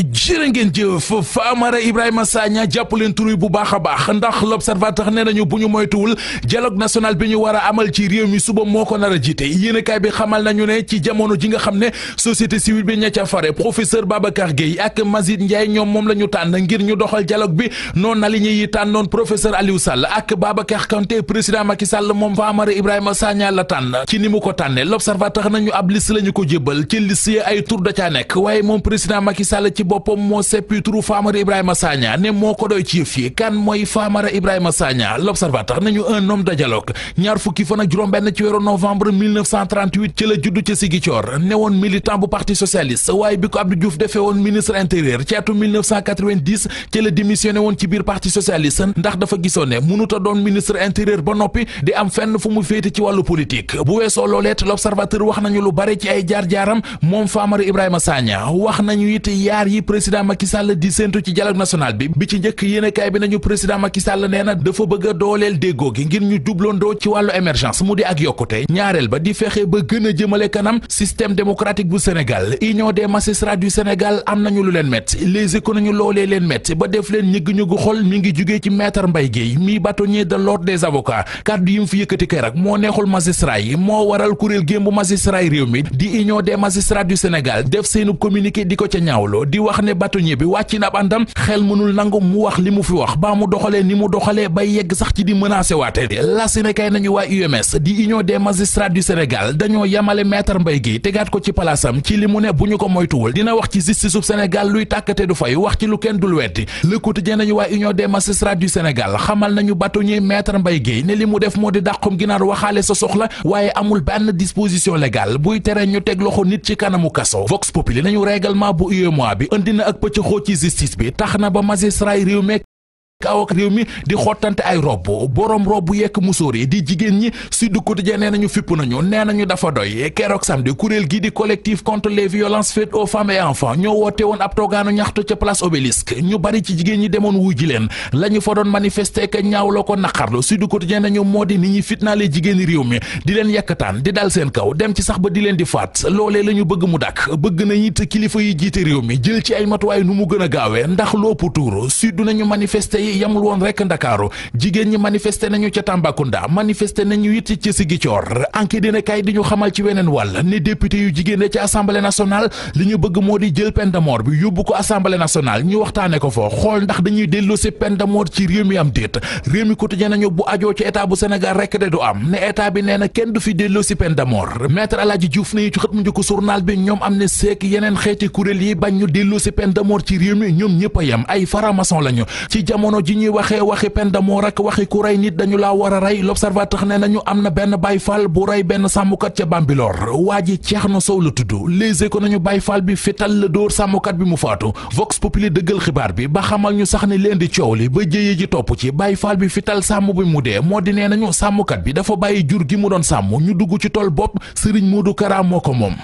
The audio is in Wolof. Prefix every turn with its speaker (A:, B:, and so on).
A: jërë ngeen jëf Famara Ibrahima Sagna jàpp leen tur bu baax a baax ndax l'observateur nee nañu bu ñu moytuwul dialogue national bi ñu war a amal ci réew mi suba moo ko nar a jiite yéenekaay bi xamal nañu ne ci jamono ji nga xam ne société civile bi ña ca fare professeur Babacar Gueye ak Mazid Ndiaye ñoom moom la ñu tànn ngir ñu doxal dialogue bi noonu aligné yi tànnoon professeur Aliou Sall ak Babacar Kanté président Macky Sall moom Famara Ibrahima Sagna la tànn ci ni mu ko tànne l'observateur nañu ab liste la ñu ko jébbal ci liste ay tur da caa nekk waaye moom président Macky Sall ci boppam moo seppi turu Famara Ibrahima Sagna ne moo ko ci yëf kan mooy Famara Ibrahima Sagna l'observateur nañu un homme dialogue ñaar fukki fan juróom-benn ci weeru novembre ci la juddu ci Ziguinchor ne woon militant bu parti socialiste waaye bi ko Abdou Diouf defee woon ministre intérieur ci ci la démissionné woon ci biir parti socialiste ndax dafa gisoon ne mënut a doon ministre intérieur ba noppi di am fenn fu mu féete ci wàllu politique yi président Macky Sall di séentu ci dialogue national bi bi ci njëkk yéenekaay bi nañu président Macky Sall nee na dafa bëgg a dooleel déggoo gi ngir ñu jubloondoo ci wàllu émergence mu di ak yokkute ñaareel ba di fexe ba gën a jëmale kanam système démocratique bu Sénégal union des magistrats du Sénégal am nañu lu leen metti les éco nañu loolee leen metti ba def leen ñëgg-ñëggu xol mi ngi jugee ci maître Mbaye Guèye mi bâtonnier de l'ordre des avocats kàddu yi mu fi yëkkati kay rak moo neexul magistrat yi moo waral kuréel gémbu magistrat yi réew mi di union des magistrats du Sénégal def seenu communiqué di ko wax ne bâtonnier bi wàcc na ab àndam xel mënul nangu mu wax li mu fi wax baa mu doxalee ni mu doxalee bay yegg sax ci di menacé waate la Sénégal nañu waa UMS di Union des magistrats du Sénégal dañoo yamale maître mbay Guèye tegaat ko ci palaasam ci li mu ne bu ñu ko moytuwul dina wax ci justice u Sénégal luy tàkkate du fay wax ci lu kenn dul weddi Le Quotidien nañu waa Union des magistrats du Sénégal xamal nañu bâtonnier maître Mbaye Guèye ne li mu def moo di dàqum ginaar waxaale sa soxla waaye amul benn disposition légale buy tere ñu teg loxo nit ci kanamu kaso Vox Populi nañu bi andi na ak pëccaxoo ci justice bi tax na ba magistrat yi réew meek kaw ak réew mi di xottante ay robb borom robb yekk musóor yi di jigéen ñi Sud Quotidien nee nañu fipp nañu nee nañu dafa doy keroog samedi kuréel gi di collectif contre les violences faites aux femmes et ñoo woote woon ab toogaanu ñaxtu ca place Obélisque ñu bari ci jigéen ñi demoon wuj leen la fa doon manifester que ñaaw la ko naqarlu Sud Quotidien nañu moo di nit ñi fitnaale jigéeni réew mi di leen yekkataan di dal seen kaw dem ci sax ba di leen di faat loolee la ñu bëgg mu dàkk bëgg na it kilifa yi jiite réew mi jël ci ay matuwaay nu mu gën a yi yamul woon rek ndakaaru jigéen ñi manifesté nañu ca Tambacounda manifesté nañu it ci Ziguinchor anki dina kay di ñu xamal ci weneen wàll ne député yu jigéen ci assemblée national li ñu bëgg moo di jël peine de mort bi yóbbu ko assemblée national ñu waxtaane ko foo xool ndax dañuy dellu si peine de mort ci réew mi am déet réew mi ja nañu bu ajoo ci état bu senegal rekk de du am ne état bi nee na kenn du fi dellu si peine de mort maître Alaaji Diouf nañu ci ñoom am ne seek yeneen xeeti kuréel yi bañ ñu dellu si peine ci réew ñoom ñëpp a yem ay faramaçon lañu ci jamono ji ñuy waxee waxi penda moo rek waxi ku rey nit dañu laa war a rey l'observateur ne nañu am na benn bay Faal bu rey benn sàmmkat ca Bambilor waa ji ceex na Sow la tudd Les Échos nañu Baay Faal bi fital la dóor sàmmkat bi mu faatu Vox Populi dëggal xibaar bi ba xamal ñu sax ni leen di coow li ba jëye ji topp ci Baay Faal bi fital sàmm bi mu dee moo di nee nañu sàmmkat bi dafa bàyyi jur gi mu doon sàmm ñu dugg ci tool bopp Sëriñ Moodu Kara moo ko moom